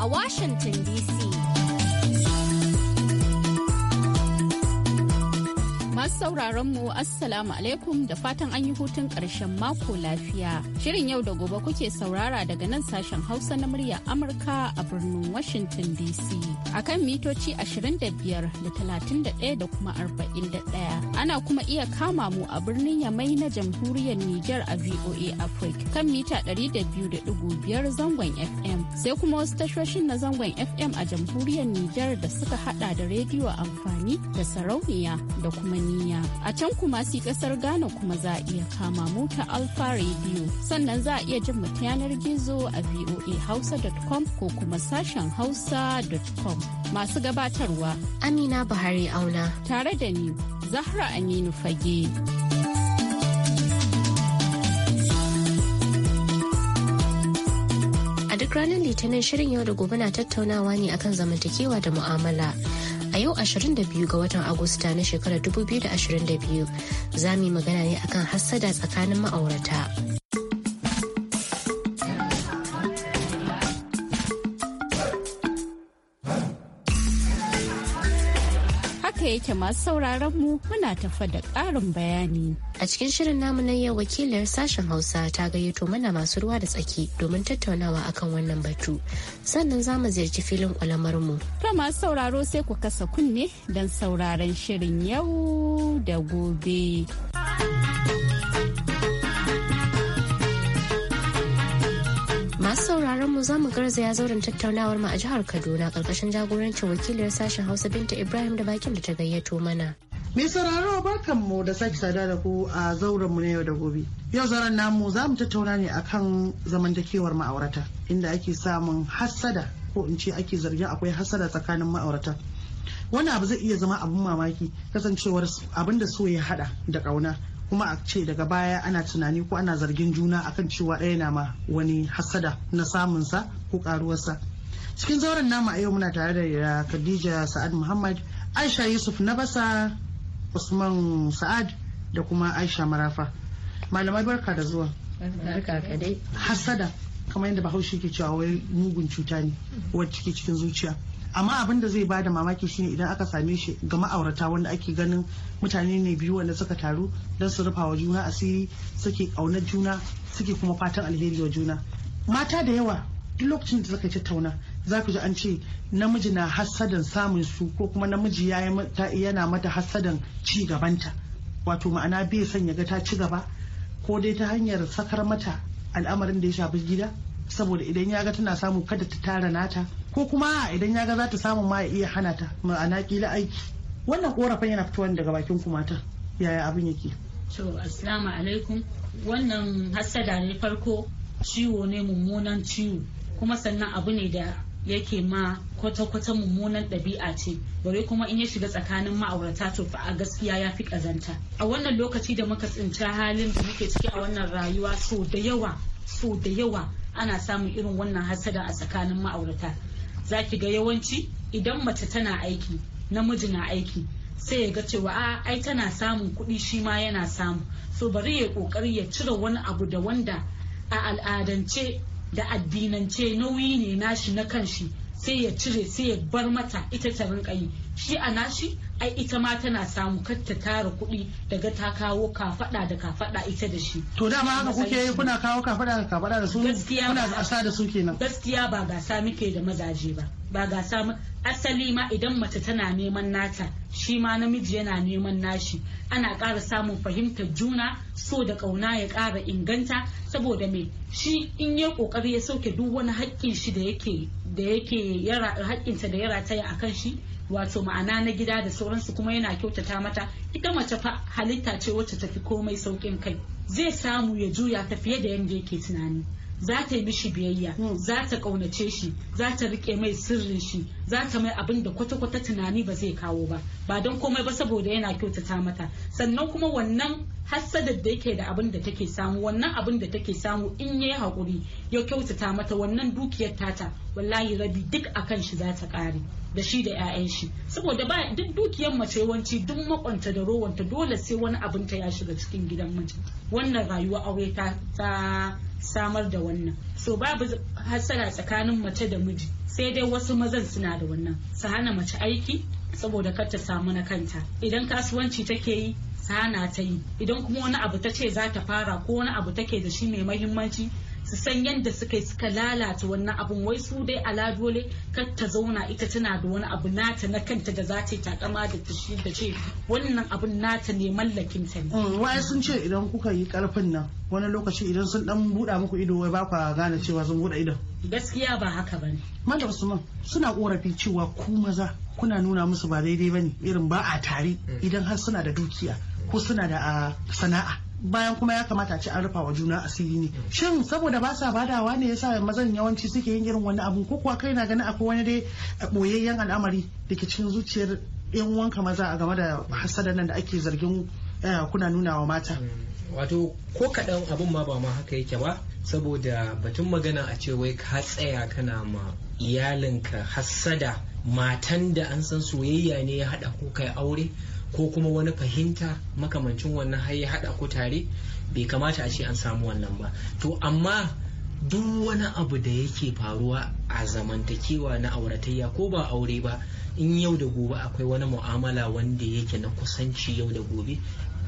a Washington, D.C. Masu sauraron mu Assalamu alaikum da fatan an yi hutun ƙarshen mako lafiya. Shirin yau da gobe kuke saurara daga nan sashen Hausa na murya Amurka a birnin Washington DC. A kan mitoci 25 da 31 da kuma 41. Ana kuma iya kama mu a birnin Yamai na jamhuriyar Nijar a VOA Africa kan mita 200.5 zangon FM. Sai kuma wasu tashoshin na zangon FM a jamhuriyar Nijar da suka hada da rediyo amfani da sarauniya da kuma ni. duniya. A can kuma si kasar Ghana kuma za a iya kama mota ta Alfa Radio. Sannan za a iya jin ta yanar gizo a voahausa.com ko kuma sashen hausa.com. Masu gabatarwa Amina Buhari Auna. Tare da ni Zahra Aminu Fage. a duk ranar litinin shirin yau da gobe na tattaunawa ne akan zamantakewa da mu'amala A yau 22 ga watan Agusta na shekarar 2022 za mu yi magana ne akan hassada tsakanin ma'aurata. yake masu sauraron mu muna tafa da ƙarin bayani. A cikin shirin namu na yau wakilar sashen Hausa ta gayyato mana masu ruwa da tsaki domin tattaunawa akan wannan batu. Sannan za mu ziyarci filin kwalamar mu. To masu sauraro sai ku kasa kunne don sauraron shirin yau da gobe. mu za mu garzaya zauren tattaunawar mu a jihar Kaduna karkashin jagorancin wakiliyar sashen Hausa Binta Ibrahim da bakin da ta gayyato mana. Mai sauraro mu da sake sada da ku a zauren mu na yau da gobe. Yau zauren namu za mu tattauna ne akan zamantakewar ma'aurata inda ake samun hassada ko in ce ake zargin akwai hassada tsakanin ma'aurata. Wani abu zai iya zama abin mamaki kasancewar abin da so ya hada da kauna kuma a ce daga baya ana tunani ko ana zargin juna akan cewa ɗaya na ma wani hasada na samunsa ko karuwarsa cikin zauren nama a yau muna tare da khadija sa'ad muhammad aisha yusuf na basa usman sa'ad da kuma aisha marafa malamai barka da zuwa hasada kamar yadda bahaushe ke cewa wai mugun cuta ne wacce ke cikin zuciya amma abin da zai ba da mamaki shine idan aka same shi ga ma'aurata wanda ake ganin mutane ne biyu wanda suka taru don su rufa wa juna asiri suke ƙaunar juna suke kuma fatan alheri wa juna mata da yawa duk lokacin da suka tattauna za ku ji an ce namiji na hassadan samun su ko kuma namiji yana mata hassadan ci gabanta wato ma'ana bai son ya ga ta ci gaba ko dai ta hanyar sakar mata al'amarin da ya shafi gida saboda idan ya ga tana samu kada ta tara nata ko kuma idan ya ga za ta samu ma ya iya hana ta ma'ana kila aiki wannan korafin yana fitowa daga bakin ku mata yaya abin yake to assalamu alaikum wannan hassada ne farko ciwo ne mummunan ciwo kuma sannan abu ne da yake ma kwata-kwata mummunan ɗabi'a ce bare kuma in ya shiga tsakanin ma'aurata to fa a gaskiya ya fi ƙazanta a wannan lokaci da muka tsinci halin da muke ciki a wannan rayuwa so da yawa so da yawa ana samun irin wannan hasada a tsakanin ma'aurata za ki ga yawanci idan mace tana aiki namiji na aiki sai ya ga cewa a ah, ai tana samun kuɗi shi ma yana samu so bari ya ƙoƙari ya cire wani abu da wanda a al'adance da addinance nauyi ne nashi na kanshi sai ya cire sai ya bar mata ita ta rinka yi shi a nashi ai ita ma tana samu kar ta tara kuɗi daga ta kawo kafada da kafada ita da shi to dama haka kuke kuna kawo kafada da kafada da su kuna gasa da su kenan gaskiya ba gasa muke da mazaje ba ba ga samu asali ma idan mace tana neman nata shi ma namiji yana neman nashi ana ƙara samun fahimtar juna so da ƙauna ya ƙara inganta saboda me shi in ya ƙoƙari ya sauke duk wani haƙƙin shi da yake da yake haƙƙinta da ya rataya a kan shi wato ma'ana na gida da sauransu kuma yana kyautata mata ita mace fa halitta ce wacce tafi komai sauƙin kai zai samu ya juya ta fiye da yanda yake tunani za ta yi mishi biyayya hmm. za ta kaunace shi za ta rike mai sirrin shi za ta mai abin da kwata-kwata tunani ba zai kawo ba ba don komai ba saboda yana kyautata mata sannan kuma wannan hassadar da yake da abin da take samu wannan abin da take samu in yi hakuri ya kyautata mata wannan dukiyar tata wallahi rabi duk akan shi za ta kare da shi da 'ya'yan shi saboda ba duk dukiyar mace yawanci duk makonta da rowanta dole sai wani abin ta ya shiga cikin gidan mace wannan rayuwa aure ta samar da wannan so babu hatsara tsakanin mace da miji sai dai wasu mazan suna da wannan su hana mace aiki saboda kar ta samu na kanta idan kasuwanci take yi sana ta yi idan kuma wani abu ta ce za ta fara ko wani abu take da shi mai mahimmanci su san yadda suka yi suka lalata wannan abun wai su dai ala dole kar ta zauna ita tana da wani abu nata na kanta da za ta yi takama da shi da ce wannan abun nata ne mallakin ta ne. Mm, wai sun ce idan kuka yi karfin nan wani lokaci idan sun dan buɗa muku ido wai ba kwa gane cewa sun buɗe ido? gaskiya ba haka ba ne. su Usman suna korafi cewa ku maza kuna nuna musu ba daidai ba ne irin ba a tare mm. idan har suna da dukiya ko suna da ah, sana'a bayan kuma ya kamata ci an rufa wa juna asiri ne shin saboda ba sa badawa ne yasa mazan yawanci suke yin irin wani abu ko kuwa kai na ganin akwai wani dai boyayyen al'amari da ke cikin zuciyar yan wanka maza a game da hasada nan da ake zargin eh, kuna nuna wa mata mm, wato ko kaɗan abun ma ba ma haka yake ba saboda batun magana a ce wai ka tsaya kana ma iyalinka hassada matan da an san soyayya ne ya haɗa ko kai aure ko kuma wani fahimta makamancin wannan har ya haɗa ku tare bai kamata a ce an samu wannan ba to amma duk wani abu da yake faruwa a zamantakewa na auratayya ko ba aure ba in yau da gobe akwai wani mu'amala wanda yake na kusanci yau da gobe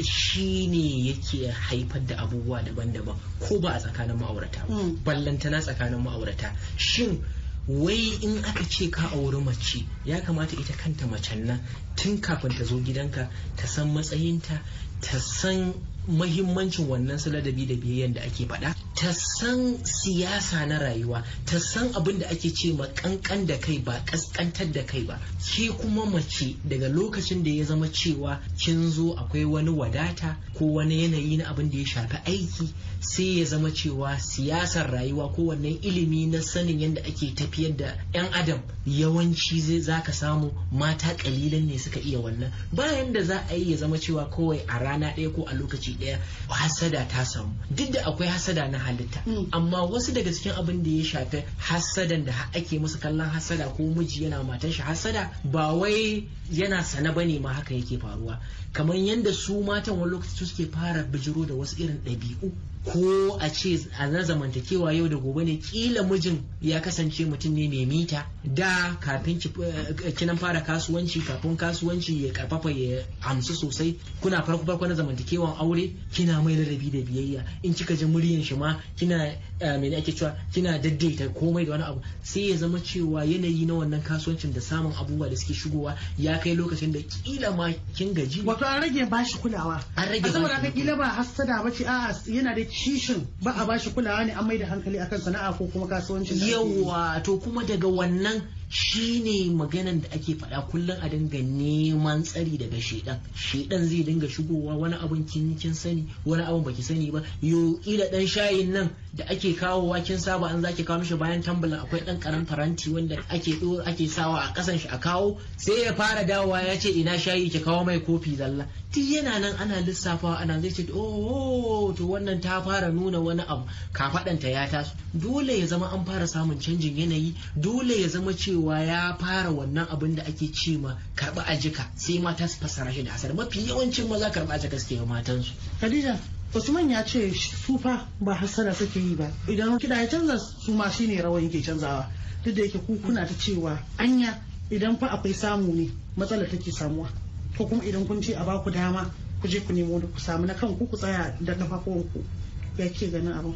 shi ne yake haifar da abubuwa daban-daban ko ba a tsakanin ma'aurata mm. ballantana tsakanin ma'aurata shin wai in aka ce ka auri mace ya kamata ita kanta macen nan tun kafin ta zo gidanka ta san matsayinta ta san mahimmancin wannan su ladabi da biyayyen da ake faɗa ta san siyasa na rayuwa ta san abin da ake ce ma kankan da kai ba kaskantar da kai ba ke kuma mace daga lokacin da ya zama cewa kin zo akwai wani wadata ko wani yanayi na abin da ya shafi aiki sai ya zama cewa siyasar rayuwa ko wannan ilimi na sanin yadda ake tafiyar da 'yan adam yawanci zai zaka samu mata kalilan ne suka iya wannan bayan da za a yi ya zama cewa kawai a rana ɗaya ko a lokaci ɗaya hasada ta samu duk da akwai hasada na halitta mm. amma wasu daga cikin abin da ya shafi hasadan da ake musu kallon hasada ko miji yana matan shi hasada ba wai yana sana bane ma haka yake faruwa kamar yadda su matan wani lokaci suke fara bijiro da wasu irin ɗabi'u ko a ce a na zamantakewa yau da gobe ne kila mijin ya kasance mutum ne mai mita da kafin eh, kinan fara kasuwanci kafin kasuwanci ya karfafa ya amsu sosai kuna farko farko na zamantakewan aure kina mai ladabi da biyayya in kika ji muryan shi ma kina eh, me ne ake cewa kina daddaita komai da wani abu sai ya zama cewa yanayi na wannan kasuwancin da samun abubuwa da suke shigowa ya kai lokacin da kila ma kin gaji wato an rage bashi kulawa an rage bashi saboda kila ba hasada ce a'a yana da shishin ba a bashi kulawa ne an mai da hankali akan sana'a ko kuma kasuwancin Yawwa to kuma daga wannan Shi ne maganan da ake faɗa kullum a dinga neman tsari daga shedan shedan zai dinga shigowa wani abun kin sani wani abun baki sani ba yo ila dan shayin nan da ake kawo kin saba an zaki kawo mishi bayan tambalin akwai dan karan faranti wanda ake ake sawa a kasan shi a kawo sai ya fara dawowa ya ce ina shayi ki kawo mai kofi zalla ti yana nan ana lissafawa ana zai ce oh to wannan ta fara nuna wani abu ta ya taso dole ya zama an fara samun canjin yanayi dole ya zama cewa cewa ya fara wannan abin da ake ce ma karba ajika sai mata su fassara shi da hasada mafi yawancin maza karba ajika suke yi matansu. Khadija Usman ya ce su fa ba hasara suke yi ba idan kiɗa ya canza su ma shine rawan yake canzawa duk da yake ku kuna ta cewa anya idan fa akwai samu ne matsalar take samuwa ko kuma idan kun ce a baku dama ku je ku nemo ku samu na kanku ku tsaya da kafafuwanku ya ke ganin abin.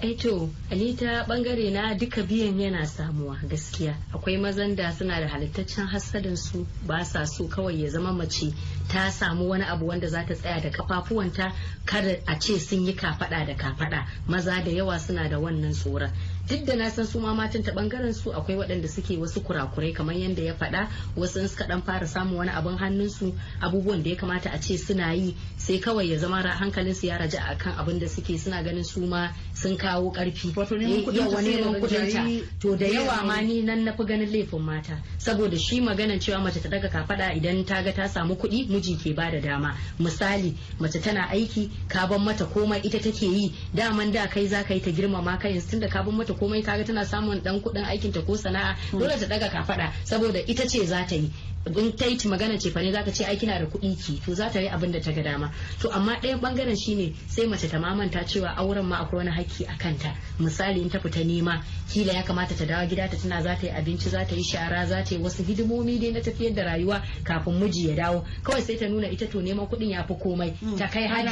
Eh to ni bangare na duka biyan yana samuwa gaskiya akwai mazan da suna da halittaccen hasadin su ba sa so kawai ya zama mace ta samu wani abu wanda za ta tsaya da kafafuwanta kada a ce sun yi kafada da kafada maza da yawa suna da wannan tsoron duk da na san su ma matan ta bangaren su akwai waɗanda suke wasu kurakurai kamar yadda ya faɗa wasu in suka dan fara samun wani abin hannun su abubuwan da ya kamata a ce suna yi sai kawai ya zama hankalin su ya raja akan abin da suke suna ganin su ma sun kawo karfi eh, yawa neman kudin ta to da yawa ma ni nan na fi ganin laifin mata saboda shi maganan cewa mace ta daga kafada idan ta ga ta samu kuɗi miji ke ba da dama misali mace tana aiki ka ban mata komai ita take yi daman da kai za ka yi ta girmama kai yanzu tunda ka ban mata komai kaga tana samun dan kuɗin aikinta ko sana'a dole ta daga kafada saboda ita ce za ta yi in ta yi magana ce fa ne zaka ce ai kina da kuɗi ki to za ta yi abin da ta ga dama to amma ɗayan bangaren shine sai mace ta mamanta cewa auren ma akwai wani hakki a kanta misali in ta fita nema kila ya kamata ta dawo gida ta tana za ta yi abinci za ta yi shara za ta yi wasu hidimomi dai na tafiyar da rayuwa kafin miji ya dawo kawai sai ta nuna ita to neman kuɗin ya fi komai hmm. ta kai har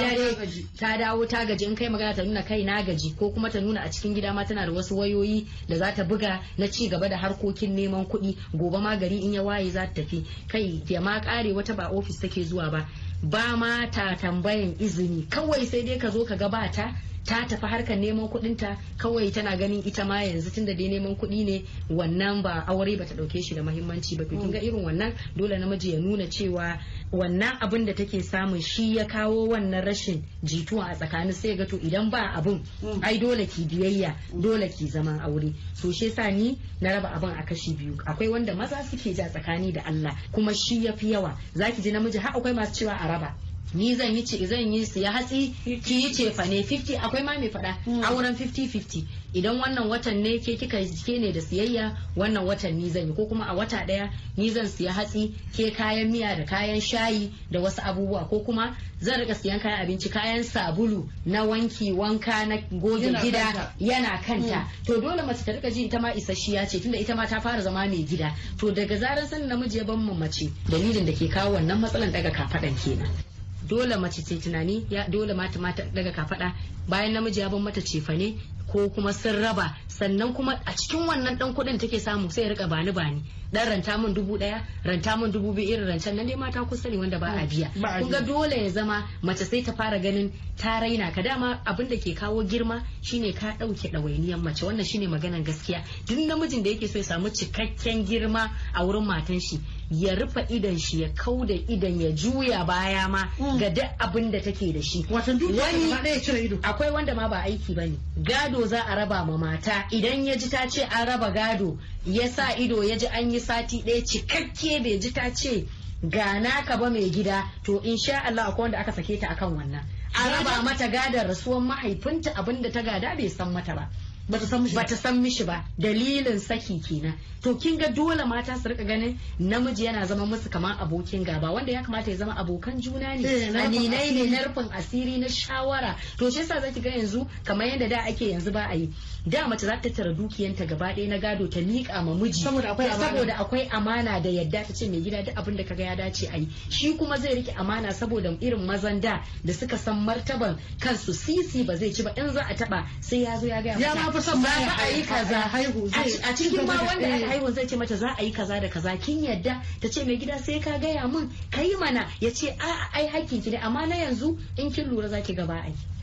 ta dawo ta gaji in kai magana ta nuna kai na gaji ko kuma ta nuna a cikin gida ma tana da wasu wayoyi da za ta buga na ci gaba da harkokin neman kuɗi gobe ma gari in ya waye za ta tafi kai da ma kare wata ba ofis take zuwa ba ba ma ta tambayan izini kawai sai dai ka zo ka gabata ta tafi harkar neman ta kawai tana ganin ita ma yanzu tunda dai neman kuɗi ne wannan ba aure ba ta ɗauke shi da muhimmanci ba kin ga mm. irin wannan dole namiji ya nuna cewa wannan abin da take samun shi ya kawo wannan rashin jituwa a tsakanin sai ga to idan ba abun. Mm. ai dole ki biyayya mm. dole ki zaman aure to shi yasa ni na raba abin a kashi biyu akwai wanda maza suke ja tsakani da Allah kuma shi yafi yawa zaki ji namiji har akwai masu cewa a raba ni zan yi zan yi siya hatsi ki yi ce ne 50 akwai ma mai fada mm. auren 50-50 idan wannan watan ne ke kika ke ne da siyayya wannan watan ni zan yi ko kuma a wata daya ni zan siya hatsi ke kayan miya da kayan shayi da wasu abubuwa ko kuma zan rika siyan kayan abinci kayan sabulu na wanki wanka na goge gida yana kanta mm. to dole mace ta rika ji ita ma isasshiya ce tunda ita ma ta fara zama mai gida to daga zaran sanin namiji ya ban mace dalilin da ke kawo wannan matsalan daga kafaɗan kenan dole mace ce tunani ya dole mata mata daga kafada bayan namiji ya ban mata cefane ko kuma sun raba sannan kuma a cikin wannan dan kuɗin take samu sai rika bani bani dan ranta min dubu daya ranta min dubu biyu irin rancen nan dai mata kusa ne wanda ba a biya kun ga dole ya zama mace sai ta fara ganin ta raina ka dama abin da ke kawo girma shine ka dauke ɗawainiyar mace wannan shine maganan gaskiya duk namijin da yake so ya samu cikakken girma a wurin matan shi ya rufe idan shi ya kauda idan ya juya baya ma mm. ga duk abin da take da shi wani akwai wanda ma ba aiki ba ne gado za a raba ma mata idan ya ji ta ce an raba gado ya sa ido ya ji an yi sati ɗaya cikakke bai ji ta ce ga naka ba mai gida to insha Allah akwai wanda aka sake ta akan wannan a raba mata gadar rasuwar mahaifinta abinda ta gada bai san mata ba bata san mishi ba dalilin saki kenan to kin ga dole mata su rika ganin namiji yana zama musu kamar abokin gaba wanda ya kamata ya zama abokan juna ne eh, a ninai ne na rufin asiri na shawara to shi yasa zaki ga yanzu kamar yadda da ake yanzu ba a yi da mace za ta tara dukiyanta gaba ɗaya na gado ta miƙa ma miji saboda akwai amana da yadda ta ce mai gida duk abin da kaga ya dace a yi shi kuma zai rike amana saboda irin mazan da da suka san martaban kansu sisi ba zai ci ba in za a taba sai ya zo ya ga fi ba a yi kaza haihu a cikin ma wanda aka eh. haihu zai ce mata za a yi kaza da kaza kin yadda ta ce mai gida sai ka gaya mun kai mana ya ce a ai hakkin ki ne amma na yanzu in kin lura za ki gaba aiki.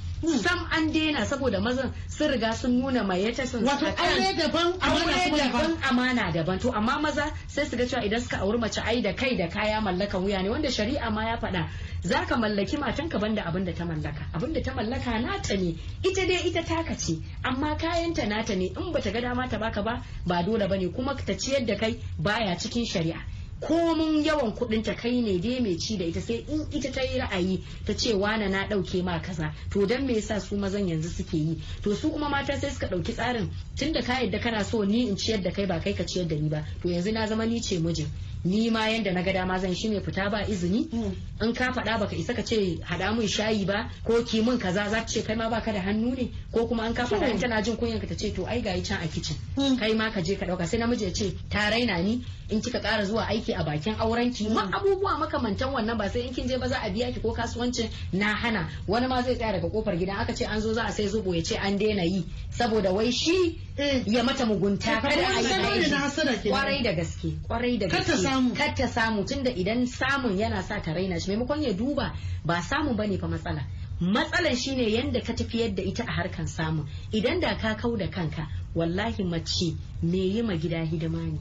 sam an daina saboda mazan sun riga sun nuna ta sun wato aure daban amana daban to amma maza sai su ga cewa idan suka auri mace ai da kai da kaya mallakan wuya ne wanda shari'a ma ya faɗa zaka mallaki matanka banda abin da ta mallaka abin da ta mallaka nata ne ita dai ita taka ce amma kayanta nata ne in bata ga dama ta baka ba ba dole bane kuma ta ciyar da kai baya cikin shari'a komin yawan kuɗin ta kai ne dai mai ci da ita sai in ita ta yi ra'ayi ta ce wana na ɗauke ma kaza to dan me yasa su mazan yanzu suke yi to su kuma mata sai suka ɗauki tsarin tunda ka yadda kana so ni in ciyar da kai ba kai ka ciyar da ni ba to yanzu na zama ni ce mijin ni ma yanda na ga dama zan ne fita ba izini mm. in ka faɗa baka isa ka ce haɗa mun shayi ba ko ki mun kaza za ta ce kai ma baka da hannu ne ko kuma an ka faɗa mm. tana jin kunyan ka ta ce to ai gayi can a kicin mm. kai ma ka je ka ɗauka sai namiji ya ce ta raina ni in kika ƙara zuwa aiki a bakin aurenki ma abubuwa makamantan wannan ba sai in kin je ba za a biya ki ko kasuwancin na hana wani ma zai tsaya daga kofar gidan aka ce an zo za a sai zobo ya ce an daina yi saboda wai shi Mm. ya mata mugunta eh, kada a yi kwarai da gaske kwarai da gaske kar ta samu tunda idan samun yana sa ta raina shi maimakon ya duba ba samun bane fa matsala matsalan shine yadda ka tafiyar da ita a harkan samu idan da ka kau da kanka wallahi mace me yi ma gida hidima ne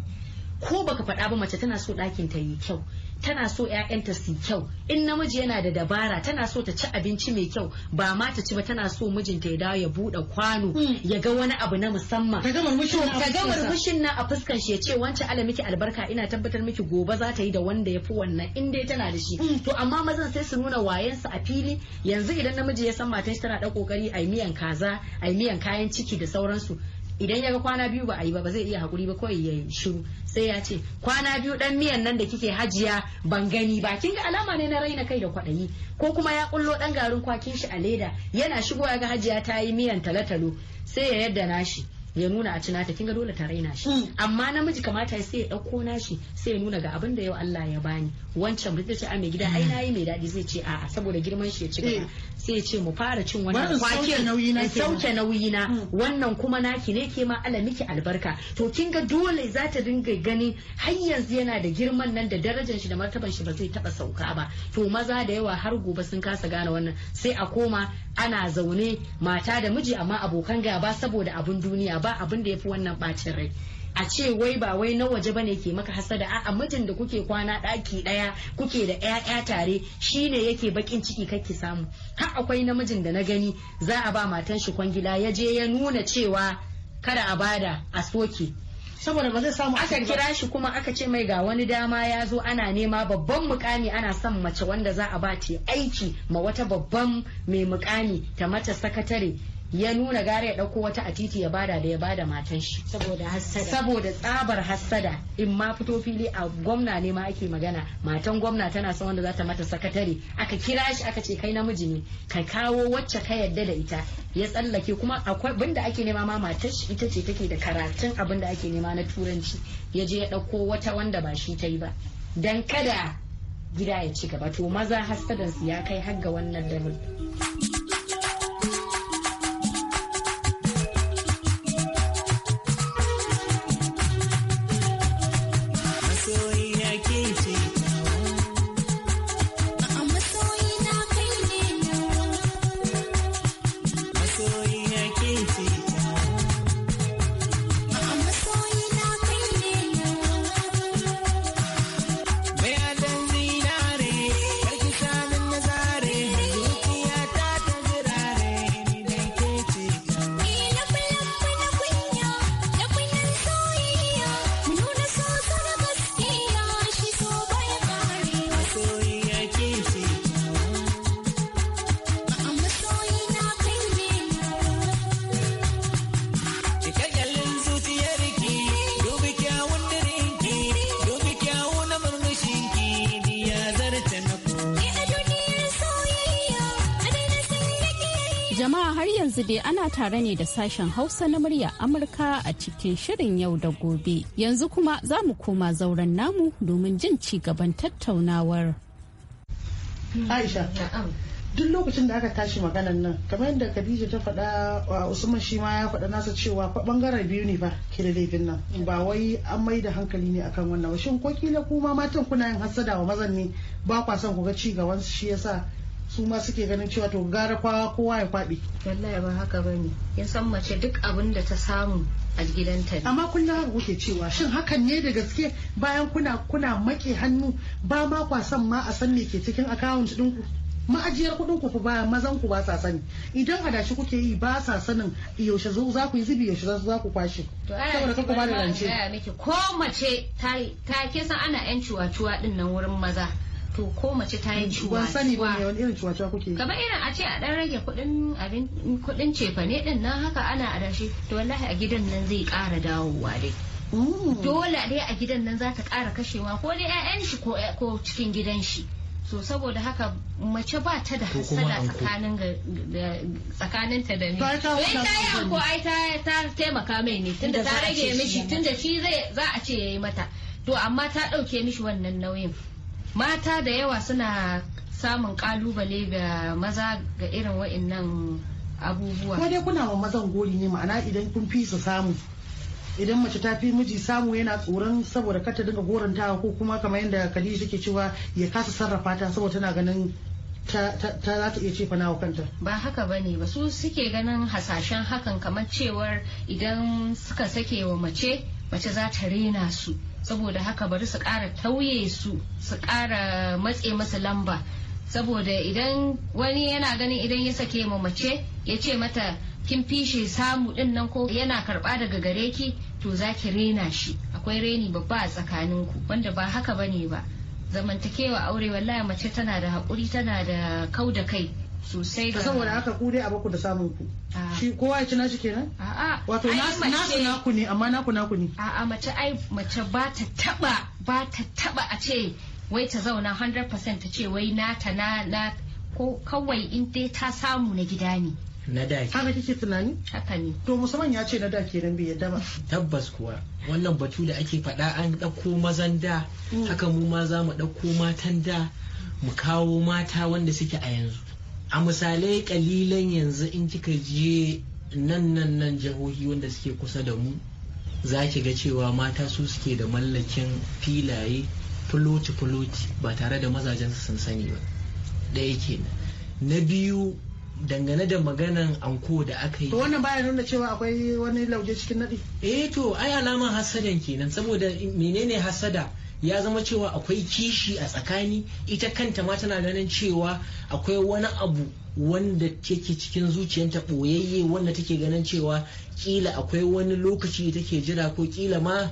ko baka faɗa ba mace tana so ɗakin ta yi kyau tana so 'ya'yanta su kyau in namiji yana da dabara tana so ta ci abinci mai kyau ba ma ta ci ba tana so mijinta ya dawo ya bude kwano hmm. ya ga wani abu na musamman ka ga murmushin na a fuskan shi ya ce wancan ala miki albarka ina tabbatar miki gobe za ta yi da wanda ya fi wannan in dai tana da shi hmm. to amma mazan sai su nuna wayensu a fili yanzu idan namiji ya san matan shi tana da kokari ai miyan kaza ai miyan kayan ciki da sauransu idan ya ga kwana biyu ba a yi ba ba zai iya hakuri ba kawai ya yi shiru sai ya ce kwana biyu dan miyan nan da kike hajiya ban gani ba kin ga alama ne na raina kai da kwaɗayi ko kuma ya kullo dan garin kwakin shi a leda yana shigowa ga hajiya ta yi miyan talotalo sai ya yadda nashi ya nuna a cina ta kinga dole ta raina shi hmm. amma namiji kamata sai ya dauko nashi sai ya nuna ga abin da yau Allah ya bani wancan da ce a mai gida ai hmm. nayi mai dadi zai ce a'a saboda girman shi ya ci gaba hmm. sai ya ce mu fara cin wannan kwakiyar nauyi na sauke nauyi eh, na wannan kuma naki ne ke ma Allah miki albarka to kinga dole za ta dinga gani. har yanzu yana da girman nan da darajar shi da martaban shi ba zai taba sauka ba to maza da yawa har gobe sun kasa gane wannan sai a koma ana zaune mata da miji amma abokan gaba saboda abun duniya ba abin da ya fi wannan bacin rai a ce wai ba wai na waje bane ke maka hasada a'a mijin da kuke kwana daki daya kuke da ƴaƴa tare shine yake bakin ciki kake samu har akwai namijin da na gani za a ba matan shi kwangila ya je ya nuna cewa kada a bada a soke saboda ba zai samu aka kira shi kuma aka ce mai ga wani dama ya zo ana nema babban mukami ana son mace wanda za a ba ta aiki ma wata babban mai mukami ta mata sakatare ya nuna gara ya ɗauko wata a titi ya bada da ya bada matan shi saboda hassada saboda tsabar hassada in ma fito fili a gwamna ne ma ake magana matan gwamna tana son wanda zata mata sakatare aka kira shi aka ce kai namiji ne ka kawo wacce ka yadda da ita ya tsallake kuma akwai abinda ake nema ma matar shi ita ce take da karatun abinda ake nema na turanci ya je ya ɗauko wata wanda ba shi ta yi ba dan kada gida ya ci gaba to maza su ya kai har ga wannan level. yanzu ana tare ne da sashen Hausa na murya Amurka a cikin shirin yau da gobe. Yanzu kuma za mu koma zauren namu domin jin ci gaban tattaunawar. Aisha, duk lokacin da aka tashi maganan nan kamar yadda Khadija ta faɗa Usman shi ma ya faɗa nasa cewa bangaren biyu ne ba ke da laifin nan ba wai an mai da hankali ne akan wannan ba shin ko kila kuma matan kuna yin hassada wa mazan ne ba kwa son ku ga ci gaban shi yasa su ma suke ganin cewa to gara kwawa kowa ya faɗi wallahi ba haka bane ya san mace duk abin da ta samu a gidanta amma kullum haka kuke cewa shin hakan ne da gaske bayan kuna kuna make hannu ba ma kwa san ma a san me ke cikin account ɗinku ma'ajiyar kuɗin ku ba mazan ku ba sa sani idan adashi kuke yi ba sa sanin yaushe zo za ku yi zubi yaushe za ku kwashe saboda kanku ba da rance ko mace ta ke san ana yan ciwa-ciwa din nan wurin maza to ko mace ta yi ciwa sani ba ne wani irin ciwa kuke kamar irin a ce a dan rage kuɗin abin kuɗin cefane din nan haka ana adashi to wallahi a gidan nan zai ƙara dawowa dai mm. dole dai a gidan nan za ta ƙara kashewa ko dai 'ya'yan shi ko cikin gidan shi so saboda haka mace ba ta da hasala tsakanin tsakaninta da ni to ta yi anko ai ta taimaka mai ne tunda ta rage mishi tunda shi zai za a ce yayi mata to amma ta ɗauke mishi wannan nauyin mata da yawa suna samun kalubale ga maza ga irin wa'annan abubuwa ko dai kuna wa mazan gori ne ma'ana idan kun fi su samu idan mace ta fi miji samu yana tsoron saboda kar ta dinga gorantawa ko kuma kamar yadda Khadija take cewa ya kasa sarrafa ta saboda tana ganin ta za ta iya ce fana kanta ba haka ba ne ba su suke ganin hasashen hakan kamar cewar idan suka sake wa mace mace za ta rena su saboda haka bari su kara tauye su su ƙara matse masa lamba saboda idan wani yana ganin idan ya sake ma mace ya ce mata kin fishe samu din nan ko yana karba daga gare ki to zaki ki rena shi akwai reni babba a tsakaninku wanda ba haka bane ba zamantakewa aure wallahi mace tana da haƙuri tana da kau da kai sosai da saboda haka aka dai a baku da samun ku shi kowa ya ci nashi kenan a'a wato nasu naku ne amma naku naku ne a'a mace ai mace ba ta taba ba ta taba a ce wai ta zauna 100% ta ce wai ta na na ko kawai in dai ta samu na gida ne na da haka kike tunani haka ne to musamman ya ce na da kenan bai yadda ba tabbas kuwa wannan batu da ake faɗa an ɗauko mazan da mm. haka mu ma za mu ɗauko matan da mu kawo mata wanda suke a yanzu a misalai kalilan yanzu in kika je nan nan nan jihohi wanda suke kusa da mu za ki ga cewa mata su suke da mallakin filaye fuloti-fuloti ba tare da mazajen su sun sani ba ɗaya kenan na biyu dangane da maganan anko da aka yi. To wannan baya nuna cewa akwai wani lauje cikin nadi. Eh to ai alaman hasadan kenan saboda menene hasada ya zama cewa akwai kishi a tsakani ita kanta ma tana ganin cewa akwai wani abu wanda take cikin zuciyanta ɓoyayye wanda take ganin cewa kila akwai wani lokaci take jira ko kila ma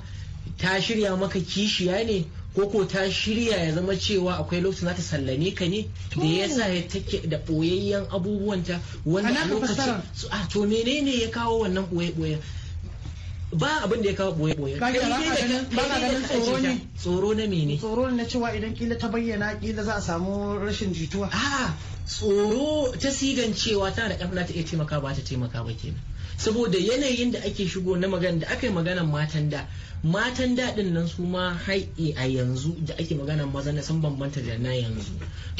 ta shirya maka kishiya ne ko ko ta shirya ya zama cewa akwai lokacin za ta sallame ka ne da ya sa ya take da boyayyen abubuwanta wanda a lokacin to menene ya kawo wannan boye-boyen ba abin da ya kawo boye boye ba ga ganin tsoro ne tsoro na mene tsoro na cewa idan kila ta bayyana kila za a samu rashin jituwa a tsoro ta sigan cewa tana da karfi ta iya taimaka ba ta taimaka ba kenan saboda yanayin da ake shigo na magana da aka yi maganan matan da matan daɗin nan su ma haiƙe a yanzu da ake maganan maza na sun bambanta da na yanzu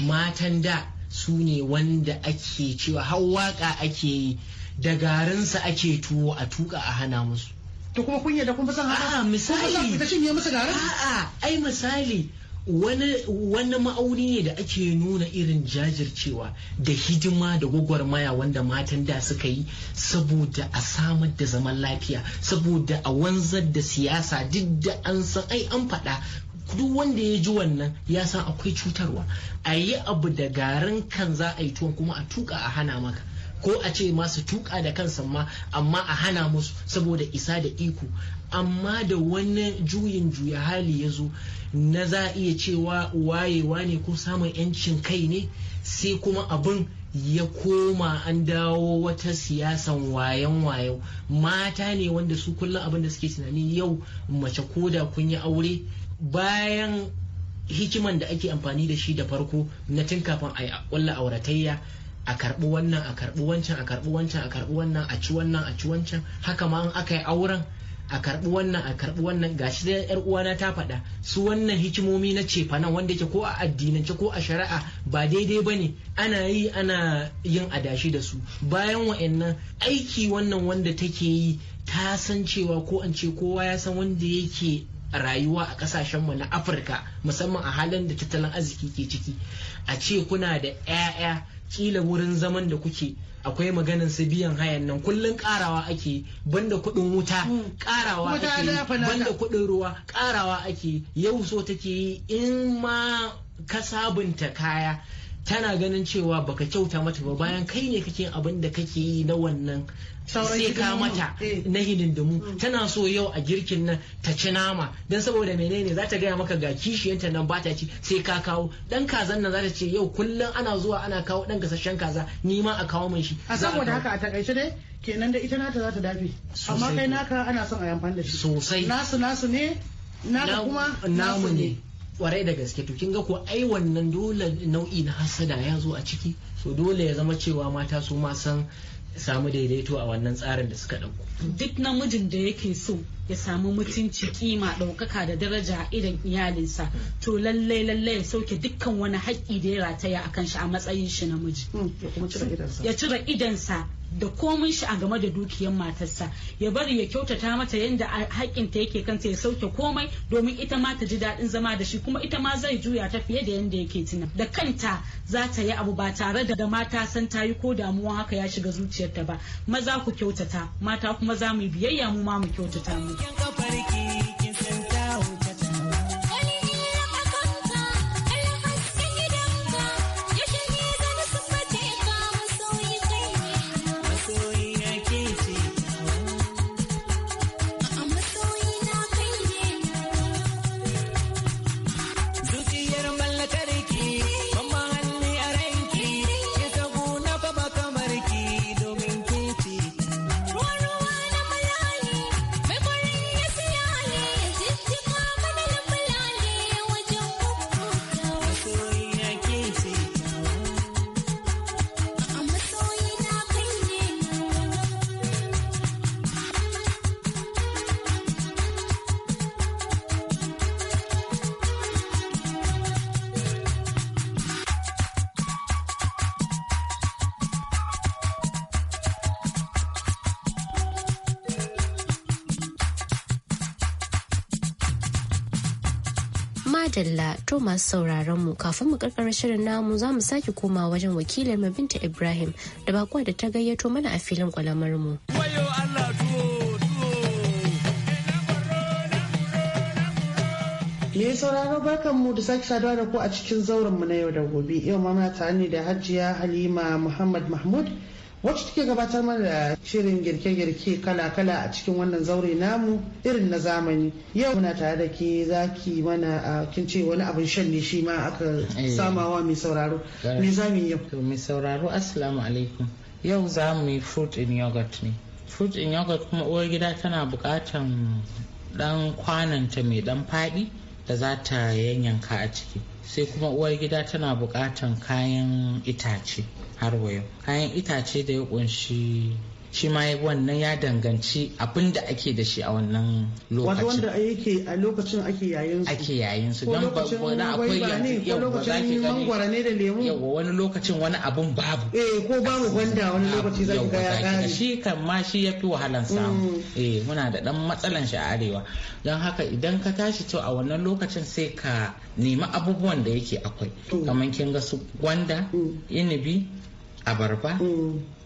matan da su ne wanda ake cewa hawaka ake yi da garinsa ake tuwo a tuka a hana musu to kuma kun da kuma san haka a'a misali ta ne masa garin a'a ai misali wani wani ma'auni ne da ake nuna irin jajircewa da hidima da gwagwarmaya wanda matan da suka yi saboda a samar da zaman lafiya saboda a wanzar da siyasa duk da an san ai an faɗa duk wanda ya ji wannan ya san akwai cutarwa a yi abu da garin kan za a yi tuwon kuma a tuka a hana maka ko a ce masu tuka da kansa ma amma a hana musu saboda isa da iko amma da wani juyin juya hali ya zo na za iya cewa wayewa ne ko samun 'yancin kai ne sai kuma abin ya koma an dawo wata siyasan wayan wayo mata ne wanda su kullum abin da suke tunani yau mace koda kun yi aure bayan hikiman da ake amfani da shi da farko na tun kafin a kulla auratayya a karbi wannan a karbi wancan a karbi wancan a karbi wannan a ci wannan a ci wancan haka ma in aka yi auren a karbi wannan a karbi wannan gashi da yar uwana ta faɗa su wannan hikimomi na cefa nan wanda yake ko a addinance ko a shari'a ba daidai bane ana yi ana yin adashi da su bayan wa'annan aiki wannan wanda take yi ta san cewa ko an ce kowa ya san wanda yake rayuwa a mu na afirka musamman a halin da tattalin arziki ke ciki a ce kuna da 'ya'ya kila wurin zaman da kuke akwai maganin su biyan hayan nan kullum karawa ake banda kuɗin wuta karawa mm. ake banda kuɗin ruwa karawa ake yau so take yi in ma ka sabunta kaya tana ganin cewa baka kyauta mata ba bayan kai ne kake abin da kake yi na wannan sai ka mata eh. na hidindimu mm. tana so yau a girkin nan ta ci nama don saboda menene za ta gaya maka ga kishiyanta nan ba ta ci sai ka kawo dan kazan nan za ta ce yau kullum ana zuwa ana kawo dan gasashen kaza ni ma a kawo min shi a saboda haka a takaice dai kenan da ita nata za ta dafe amma kai naka ana son a yamfan da shi sosai nasu nasu ne naka kuma namu ne kwarai da gaske to kin ga ko ai wannan dole nau'i na hasada ya zo a ciki so dole ya zama cewa mata su ma san samu daidaito a wannan tsarin da suka ɗauko. Duk namijin da yake so ya samu mutunci kima ɗaukaka da daraja a irin iyalinsa to lallai lallai ya sauke dukkan wani haƙƙi da ya rataya a kan shi a matsayin shi namiji. Hmm, ya cire idansa da komin shi a game da dukiyar matarsa ya bari ya kyautata mata yadda haƙinta yake kanta ya sauke komai domin ita ma ta ji daɗin zama da shi kuma ita ma zai juya ta fiye da yadda yake tuna da kanta za ta yi abu ba tare da mata san ta yi ko damuwa haka ya shiga zuciyarta ba maza ku kyautata mata kuma za mu yi biyayya mu ma mu kyautata mu. Madalla to masu sauraron mu kafin mu karkara shirin namu za mu sake koma wajen wakilin Binta Ibrahim da bakuwa da ta gayyato mana a filin kwalamar mu. Me sauraro barkan mu da sake saduwa da ku a cikin zauren mu na yau da gobe. Yau ma mata ne da Hajiya Halima Muhammad Mahmud wacce take gabatar mana da shirin girke-girke kala-kala a cikin wannan zaure namu irin na zamani yau muna tare da ke zaki mana kin ce wani abin shan ne shi ma aka eh. samawa mai sauraro me za mu yau mai sauraro assalamu alaikum yau za mu yi fruit in yogurt ne fruit in yogurt kuma uwar gida tana bukatan dan kwananta mai dan faɗi da za ta yanyanka a ciki sai kuma uwar gida tana buƙatan kayan itace har wayo kayan itace da ya ƙunshi shi ma wannan ya danganci abin da ake da shi a wannan lokacin wanda yake a lokacin ake yayin su ake yayin su don ba wani akwai yanzu yau ba za ki gani ne da lemu yau wani lokacin wani abun babu eh ko babu gwanda wani lokaci za ki ga ya kare shi kan ma shi yafi wahalan mm. samu eh muna da dan matsalan shi a arewa don haka idan ka tashi to a wannan lokacin sai ka nemi abubuwan da yake akwai mm. kamar kin ga su gwanda mm. inibi abarba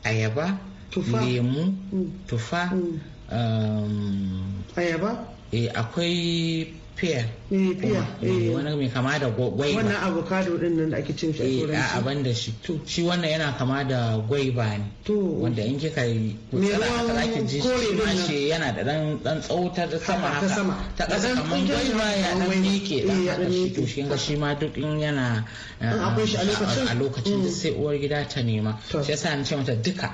ayaba lemu mm. tufa mm. Um, ayaba eh, akwai pear eh, eh. wani mai kama da gwaiba wannan avocado din nan da ake cin shi a turanci a abin da shi to shi wannan yana kama da gwaiba ne to wanda in kika yi kutsara haka zaki ji shi ma shi yana da dan dan tsautar sama haka ta kasa kaman gwaiba ya dan mike da. haka shi to shi ga shi ma duk in yana a lokacin mm. da sai uwar gida ta nema shi yasa an ce mata duka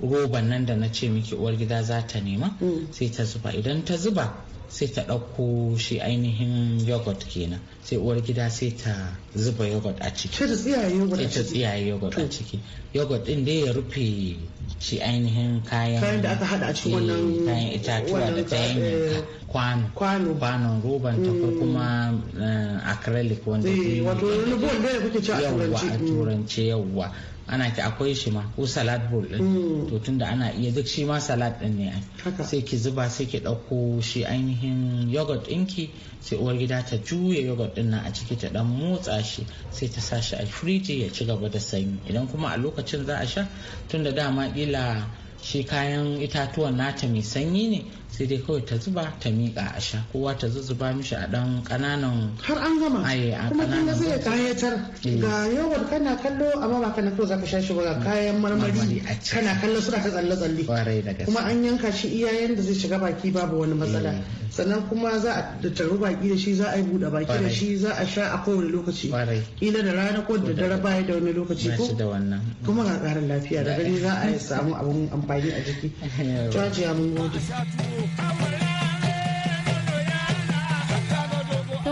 roban nan da na ce miki uwar gida za ta nema mm. sai ta zuba idan ta zuba sai ta ɗauko shi ainihin yogurt kenan sai uwar gida sai ta zuba yogurt a ciki sai ta tsiyaye yogurt a ciki yogurt din dai ya rufe shi ainihin kayan kayan da aka hada a cikin wannan kayan itatuwa da ta yanka eh, kwano kwano roban ta ko mm. kuma eh, acrylic wanda eh, wato wani bon da kuke ci a turanci yawwa a turanci mm. yawwa ana ki akwai shi ma ko salad bowl din mm. to tunda ana iya duk shi ma salad din ne sai ki zuba sai ki dauko shi ainihin yogurt ɗinki sai uwar gida ta juya yogurt din nan a ciki ta dan motsa shi sai ta sa shi a firiji ya ci gaba da sanyi idan kuma a lokacin za a sha tunda dama kila shi kayan itatuwan nata mai sanyi ne sai dai kawai ta zuba ta miƙa a sha kowa ta zuzzuba mishi a ɗan ƙananan har an gama kuma kin ga sai kayatar eh. ga yawar kana kallo amma ba kana kawai zaka sha shi ba kayan marmari kana kallo suna ta tsalle tsalle kuma an yanka shi iyayen da zai shiga baki babu wani matsala eh. sannan kuma za a taru baki da shi za a yi buɗe baki da shi za a sha a kowane lokaci kila da rana ko da dare baya da wani lokaci ko kuma ga karin lafiya da gani za a samu abun amfani a jiki. Jajiya mun gode. you.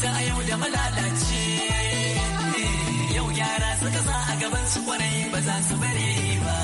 su yau da malalace eh, yau yara suka sa a gaban su kwarai ba za su bari ba